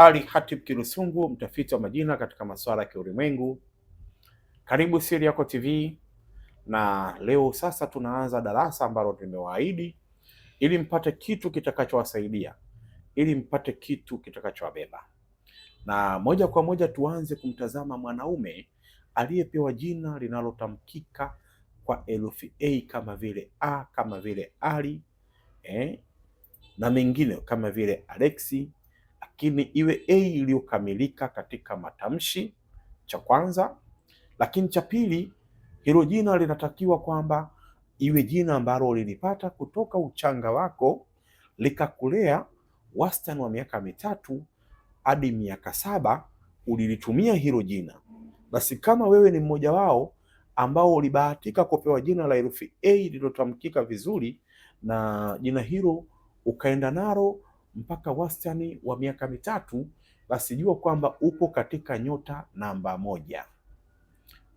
Ali Hatib Kinisungu, mtafiti wa majina katika masuala ya kiulimwengu. Karibu Siri Yako TV, na leo sasa tunaanza darasa ambalo tumewaahidi ili mpate kitu kitakachowasaidia, ili mpate kitu kitakachowabeba. Na moja kwa moja tuanze kumtazama mwanaume aliyepewa jina linalotamkika kwa herufi A kama vile A, kama vile Ali eh, na mengine kama vile Alexi lakini iwe a iliyokamilika katika matamshi, cha kwanza. Lakini cha pili, hilo jina linatakiwa kwamba iwe jina ambalo ulilipata kutoka uchanga wako likakulea wastani wa miaka mitatu hadi miaka saba ulilitumia hilo jina. Basi kama wewe ni mmoja wao ambao ulibahatika kupewa jina la herufi A lililotamkika vizuri na jina hilo ukaenda nalo mpaka wastani wa miaka mitatu, basi jua kwamba upo katika nyota namba moja,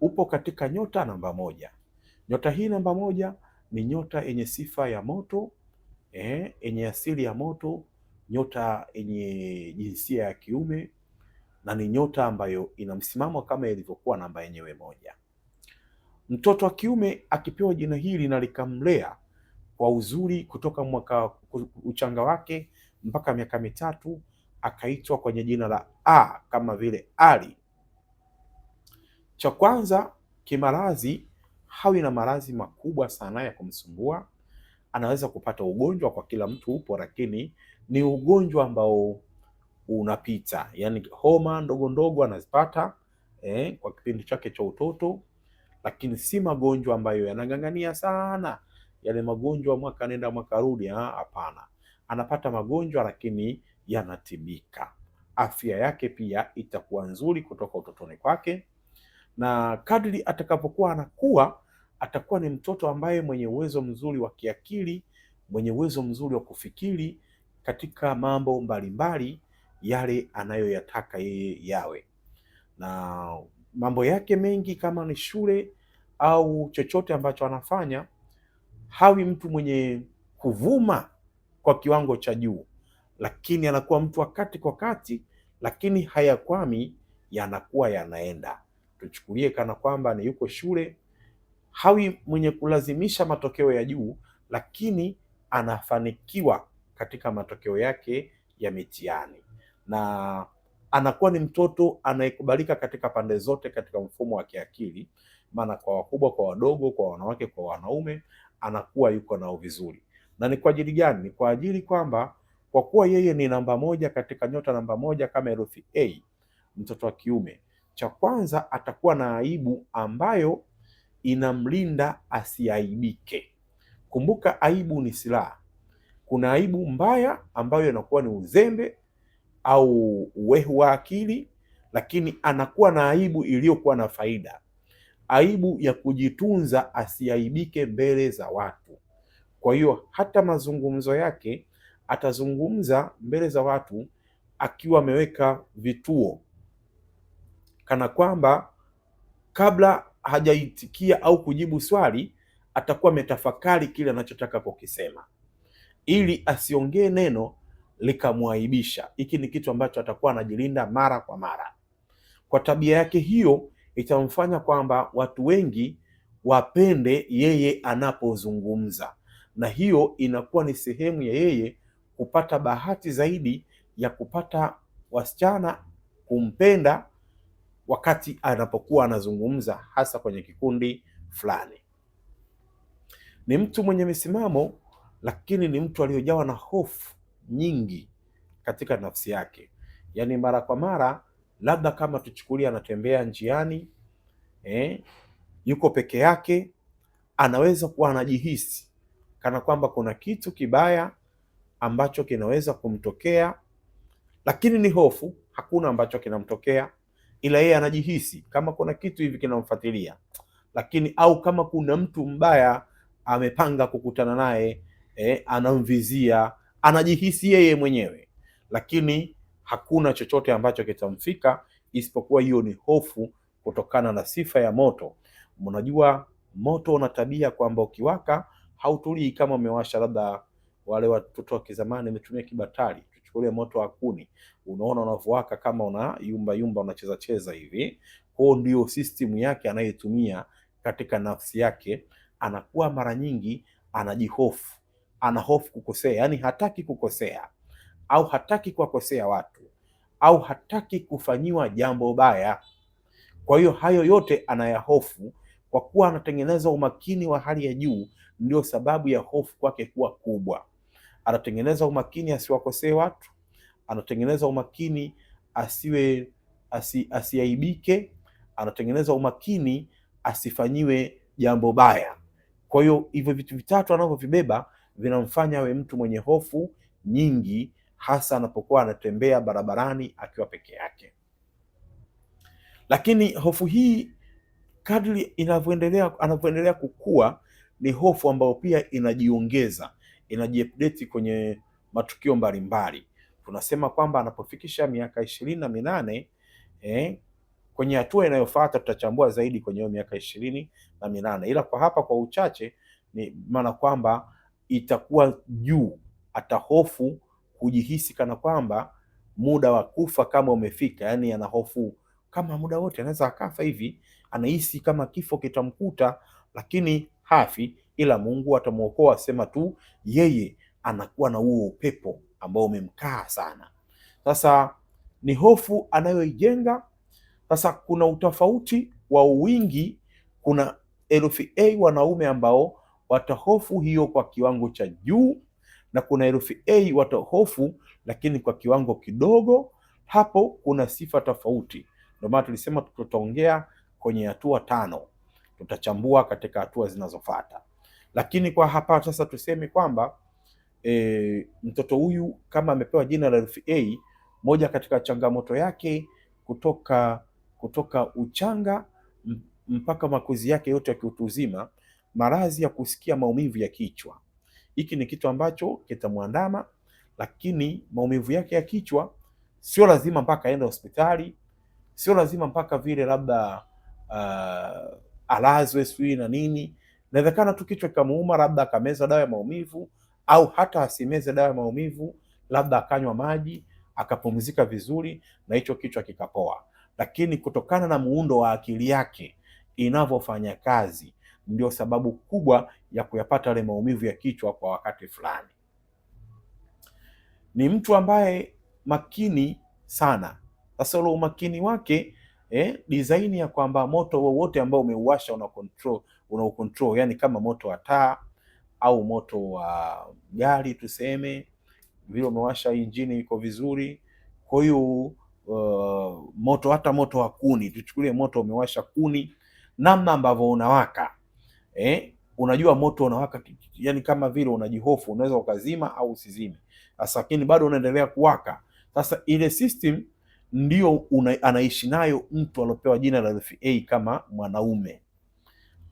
upo katika nyota namba moja. Nyota hii namba moja ni nyota yenye sifa ya moto eh, yenye asili ya moto, nyota yenye jinsia ya kiume na ni nyota ambayo ina msimamo kama ilivyokuwa namba yenyewe moja. Mtoto wa kiume akipewa jina hili na likamlea kwa uzuri kutoka mwaka uchanga wake mpaka miaka mitatu akaitwa kwenye jina la A kama vile Ali. Cha kwanza kimarazi, hawi na maradhi makubwa sana ya kumsumbua. Anaweza kupata ugonjwa, kwa kila mtu upo, lakini ni ugonjwa ambao unapita, yaani homa ndogo ndogo anazipata eh, kwa kipindi chake cha utoto, lakini si magonjwa ambayo yanang'ang'ania sana yale magonjwa mwaka nenda mwaka rudi. Ah, hapana, anapata magonjwa lakini yanatibika. Afya yake pia itakuwa nzuri kutoka utotoni kwake, na kadri atakapokuwa anakuwa atakuwa ni mtoto ambaye mwenye uwezo mzuri wa kiakili, mwenye uwezo mzuri wa kufikiri katika mambo mbalimbali yale anayoyataka yeye yawe, na mambo yake mengi kama ni shule au chochote ambacho anafanya hawi mtu mwenye kuvuma kwa kiwango cha juu, lakini anakuwa mtu wa kati kwa kati, lakini hayakwami, yanakuwa yanaenda. Tuchukulie kana kwamba ni yuko shule, hawi mwenye kulazimisha matokeo ya juu, lakini anafanikiwa katika matokeo yake ya mitihani na anakuwa ni mtoto anayekubalika katika pande zote katika mfumo wa kiakili, maana kwa wakubwa, kwa wadogo, kwa wanawake, kwa wanaume, anakuwa yuko nao vizuri na ni kwa ajili gani? Ni kwa ajili kwamba kwa kuwa yeye ni namba moja katika nyota namba moja kama herufi A, mtoto wa kiume, cha kwanza atakuwa na aibu ambayo inamlinda asiaibike. Kumbuka, aibu ni silaha. Kuna aibu mbaya ambayo inakuwa ni uzembe au uwehu wa akili, lakini anakuwa na aibu iliyokuwa na faida, aibu ya kujitunza asiaibike mbele za watu. Kwa hiyo hata mazungumzo yake atazungumza mbele za watu akiwa ameweka vituo, kana kwamba kabla hajaitikia au kujibu swali atakuwa ametafakari kile anachotaka kukisema, ili asiongee neno likamwaibisha. Hiki ni kitu ambacho atakuwa anajilinda mara kwa mara. Kwa tabia yake hiyo, itamfanya kwamba watu wengi wapende yeye anapozungumza na hiyo inakuwa ni sehemu ya yeye kupata bahati zaidi ya kupata wasichana kumpenda wakati anapokuwa anazungumza, hasa kwenye kikundi fulani. Ni mtu mwenye misimamo, lakini ni mtu aliyojawa na hofu nyingi katika nafsi yake, yaani mara kwa mara, labda kama tuchukulia anatembea njiani eh, yuko peke yake, anaweza kuwa anajihisi kana kwamba kuna kitu kibaya ambacho kinaweza kumtokea, lakini ni hofu, hakuna ambacho kinamtokea, ila yeye anajihisi kama kuna kitu hivi kinamfuatilia, lakini au kama kuna mtu mbaya amepanga kukutana naye eh, anamvizia, anajihisi yeye mwenyewe, lakini hakuna chochote ambacho kitamfika isipokuwa hiyo ni hofu kutokana na sifa ya moto. Mnajua moto una tabia kwamba ukiwaka hautulii kama umewasha labda wale watoto wa kizamani umetumia kibatari, tuchukulie moto wa kuni, unaona unavyowaka kama una yumba yumba, unacheza cheza hivi. Kwao ndio system yake anayetumia katika nafsi yake, anakuwa mara nyingi anajihofu, anahofu kukosea, yani hataki kukosea au hataki kuwakosea watu au hataki kufanyiwa jambo baya. Kwa hiyo hayo yote anayahofu, kwa kuwa anatengeneza umakini wa hali ya juu ndio sababu ya hofu kwake kuwa kubwa. Anatengeneza umakini asiwakosee watu, anatengeneza umakini asiwe asi, asiaibike, anatengeneza umakini asifanyiwe jambo baya. Kwa hiyo hivyo vitu vitatu anavyovibeba vinamfanya awe mtu mwenye hofu nyingi, hasa anapokuwa anatembea barabarani akiwa peke yake. Lakini hofu hii kadri inavyoendelea anavyoendelea kukua ni hofu ambayo pia inajiongeza inajiupdate kwenye matukio mbalimbali. Tunasema kwamba anapofikisha miaka ishirini na minane eh, kwenye hatua inayofuata tutachambua zaidi kwenye hiyo miaka ishirini na minane, ila kwa hapa kwa uchache ni maana kwamba itakuwa juu, atahofu kujihisi kana kwamba muda wa kufa kama umefika, yani ana hofu kama muda wote anaweza akafa hivi, anahisi kama kifo kitamkuta, lakini hafi, ila Mungu atamwokoa. Sema tu yeye anakuwa na huo upepo ambao umemkaa sana. Sasa ni hofu anayoijenga. Sasa kuna utofauti wa wingi, kuna herufi A wanaume ambao watahofu hiyo kwa kiwango cha juu, na kuna herufi A watahofu lakini kwa kiwango kidogo. Hapo kuna sifa tofauti, ndio maana tulisema tutaongea kwenye hatua tano tutachambua katika hatua zinazofuata. Lakini kwa hapa sasa tuseme kwamba e, mtoto huyu kama amepewa jina la herufi A, moja katika changamoto yake kutoka kutoka uchanga mpaka makuzi yake yote ya kiutu uzima, maradhi ya kusikia, maumivu ya kichwa. Hiki ni kitu ambacho kitamwandama, lakini maumivu yake ya kichwa sio lazima mpaka aende hospitali, sio lazima mpaka vile labda uh, alazwe sijui na nini. Inawezekana tu kichwa kikamuuma, labda akameza dawa ya maumivu au hata asimeze dawa ya maumivu, labda akanywa maji akapumzika vizuri na hicho kichwa kikapoa. Lakini kutokana na muundo wa akili yake inavyofanya kazi, ndio sababu kubwa ya kuyapata yale maumivu ya kichwa kwa wakati fulani. Ni mtu ambaye makini sana. Sasa ule umakini wake eh, design ya kwamba moto wowote ambao umeuwasha una control, una control, yani kama moto wa taa au moto wa gari tuseme vile umewasha injini iko vizuri. Kwa hiyo uh, moto hata moto wa kuni tuchukulie, moto umewasha kuni, namna ambavyo unawaka eh, unajua moto unawaka, yani kama vile unajihofu, unaweza ukazima au usizime, lakini bado unaendelea kuwaka. Sasa ile system ndio una, anaishi nayo mtu aliopewa jina la herufi A kama mwanaume,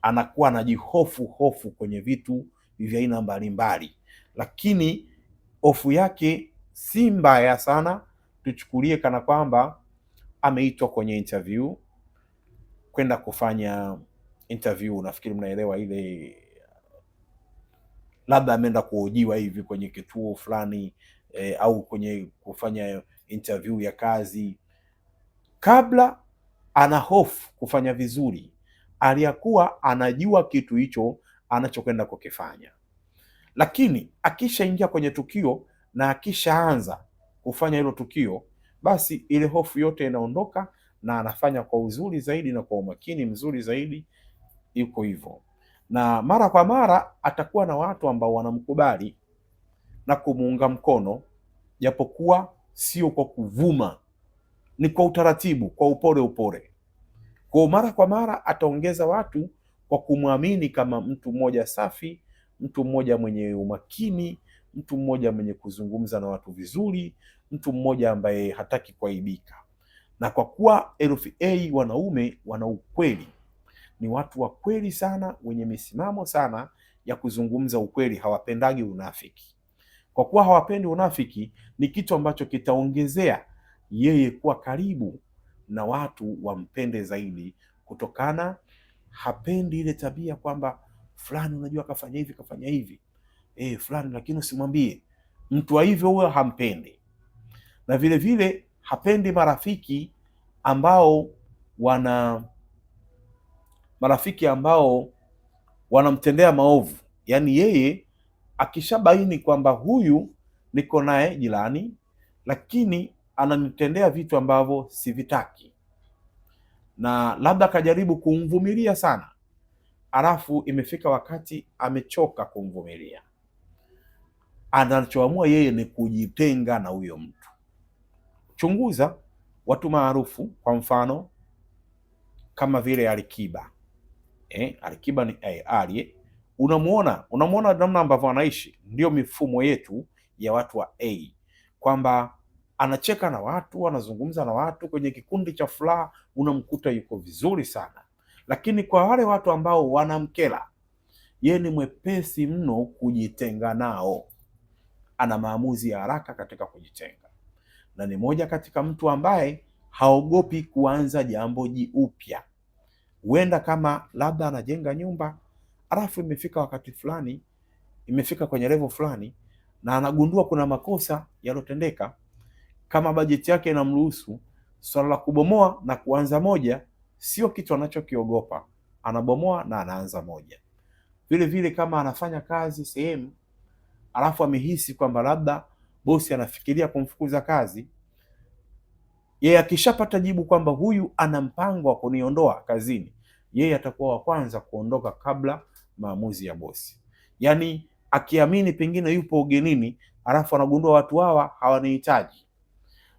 anakuwa anajihofu hofu kwenye vitu vya aina mbalimbali, lakini hofu yake si mbaya sana. Tuchukulie kana kwamba ameitwa kwenye interview kwenda kufanya interview, nafikiri mnaelewa ile, labda ameenda kuhojiwa hivi kwenye kituo fulani eh, au kwenye kufanya interview ya kazi. Kabla ana hofu kufanya vizuri, aliyakuwa anajua kitu hicho anachokwenda kukifanya, lakini akishaingia kwenye tukio na akishaanza kufanya hilo tukio, basi ile hofu yote inaondoka na anafanya kwa uzuri zaidi na kwa umakini mzuri zaidi. Yuko hivyo, na mara kwa mara atakuwa na watu ambao wanamkubali na kumuunga mkono japokuwa sio kwa kuvuma, ni kwa utaratibu, kwa upole upole, kwa mara kwa mara ataongeza watu kwa kumwamini kama mtu mmoja safi, mtu mmoja mwenye umakini, mtu mmoja mwenye kuzungumza na watu vizuri, mtu mmoja ambaye hataki kuaibika. Na kwa kuwa herufi A wanaume wana ukweli, ni watu wa kweli sana, wenye misimamo sana ya kuzungumza ukweli, hawapendagi unafiki. Kwa kuwa hawapendi unafiki, ni kitu ambacho kitaongezea yeye kuwa karibu na watu wampende zaidi, kutokana hapendi ile tabia kwamba fulani, unajua kafanya hivi kafanya hivi e, fulani, lakini usimwambie mtu wa hivyo, huyo hampendi. Na vile vile hapendi marafiki ambao wana marafiki ambao wanamtendea maovu, yaani yeye akishabaini kwamba huyu niko naye jirani, lakini ananitendea vitu ambavyo sivitaki, na labda akajaribu kumvumilia sana, alafu imefika wakati amechoka kumvumilia, anachoamua yeye ni kujitenga na huyo mtu. Chunguza watu maarufu, kwa mfano kama vile Alikiba. Eh, Alikiba ni eh, Ali Unamuona, unamuona namna ambavyo anaishi. Ndio mifumo yetu ya watu wa A, kwamba anacheka na watu, anazungumza na watu, kwenye kikundi cha furaha unamkuta yuko vizuri sana, lakini kwa wale watu ambao wanamkela yeye, ni mwepesi mno kujitenga nao, ana maamuzi ya haraka katika kujitenga, na ni moja katika mtu ambaye haogopi kuanza jambo jipya. Huenda kama labda anajenga nyumba alafu imefika wakati fulani, imefika kwenye levo fulani na anagundua kuna makosa yaliyotendeka, kama bajeti yake inamruhusu, swala la kubomoa na kuanza moja sio kitu anachokiogopa. Anabomoa na anaanza moja. Vile vile kama anafanya kazi sehemu alafu amehisi kwamba labda bosi anafikiria kumfukuza kazi, yeye akishapata jibu kwamba huyu ana mpango wa kuniondoa kazini, yeye atakuwa wa kwanza kuondoka kabla maamuzi ya bosi. Yaani akiamini pengine yupo ugenini, alafu anagundua watu hawa hawanihitaji,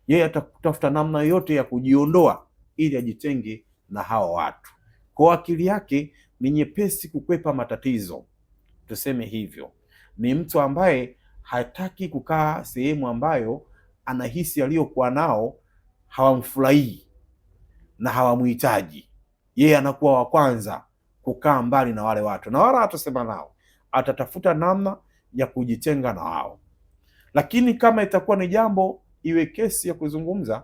yeye atatafuta namna yoyote ya kujiondoa ili ajitenge na hawa watu. Kwa akili yake ni nyepesi kukwepa matatizo, tuseme hivyo. Ni mtu ambaye hataki kukaa sehemu ambayo anahisi aliyokuwa nao hawamfurahii na hawamhitaji, yeye anakuwa wa kwanza kukaa mbali na wale watu na wala hatasema nao, atatafuta namna ya kujitenga na wao. Lakini kama itakuwa ni jambo iwe kesi ya kuzungumza,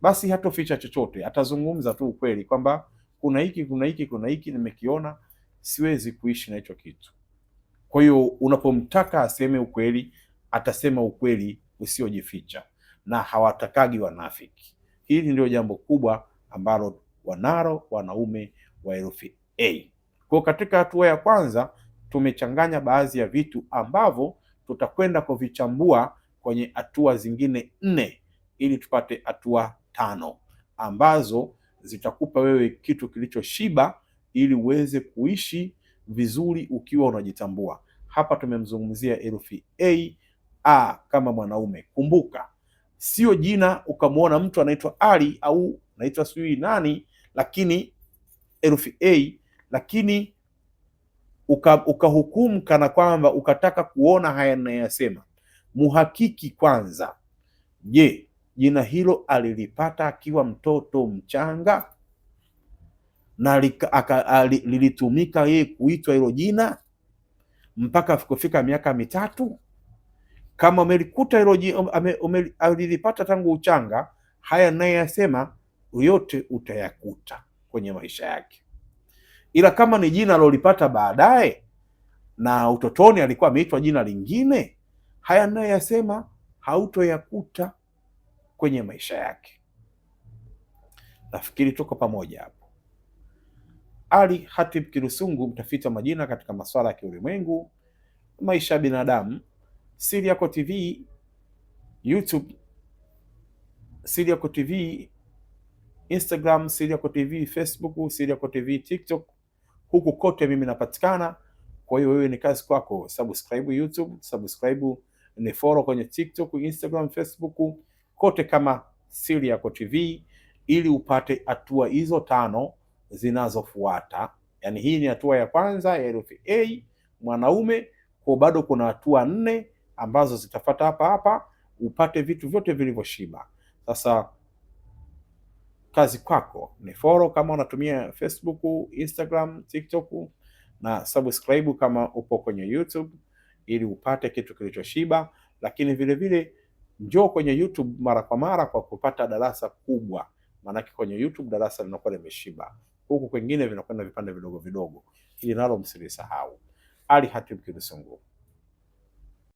basi hatoficha chochote, atazungumza tu ukweli kwamba kuna hiki, kuna hiki, kuna hiki nimekiona, siwezi kuishi na hicho kitu. Kwa hiyo unapomtaka aseme ukweli, atasema ukweli usiojificha, na hawatakagi wanafiki. Hili ndio jambo kubwa ambalo wanaro wanaume wa herufi A. Kwa katika hatua ya kwanza tumechanganya baadhi ya vitu ambavyo tutakwenda kuvichambua kwenye hatua zingine nne ili tupate hatua tano ambazo zitakupa wewe kitu kilichoshiba ili uweze kuishi vizuri ukiwa unajitambua. Hapa tumemzungumzia herufi A, A kama mwanaume. Kumbuka sio jina ukamwona mtu anaitwa Ali au anaitwa sijui nani, lakini herufi A lakini ukahukumu uka kana kwamba ukataka kuona haya ninayosema, muhakiki kwanza. Je, jina hilo alilipata akiwa mtoto mchanga na lilitumika yeye kuitwa hilo jina mpaka kufika miaka mitatu? Kama umelikuta hilo alilipata tangu uchanga, haya ninayosema yote utayakuta kwenye maisha yake ila kama ni jina alilolipata baadaye na utotoni alikuwa ameitwa jina lingine, haya nayoyasema hautoyakuta kwenye maisha yake. Nafikiri tuko pamoja hapo. Ali Hatib Kirusungu, mtafiti wa majina katika masuala ya kiulimwengu, maisha ya binadamu, Siri Yako TV YouTube, Siri Yako TV Instagram, Siri Yako TV Facebook, Siri Yako TV TikTok huku kote mimi napatikana. Kwa hiyo wewe ni kazi kwako, subscribe YouTube, subscribe ni follow kwenye TikTok, Instagram, Facebook kote kama Siri Yako TV, ili upate hatua hizo tano zinazofuata. yani hii ni hatua ya kwanza ya herufi A mwanaume, kwa bado kuna hatua nne ambazo zitafata hapa hapa, upate vitu vyote vilivyoshiba sasa kazi kwako, ni follow kama unatumia Facebook, Instagram, TikTok na subscribe kama upo kwenye YouTube ili upate kitu kilichoshiba, lakini vile vile njoo kwenye YouTube mara kwa mara kwa kupata darasa kubwa, maanake kwenye YouTube darasa linakuwa limeshiba, huku kwingine vinakwenda vipande vidogo vidogo. ili nalo msilisahau. Ali Hatib Kirusungu.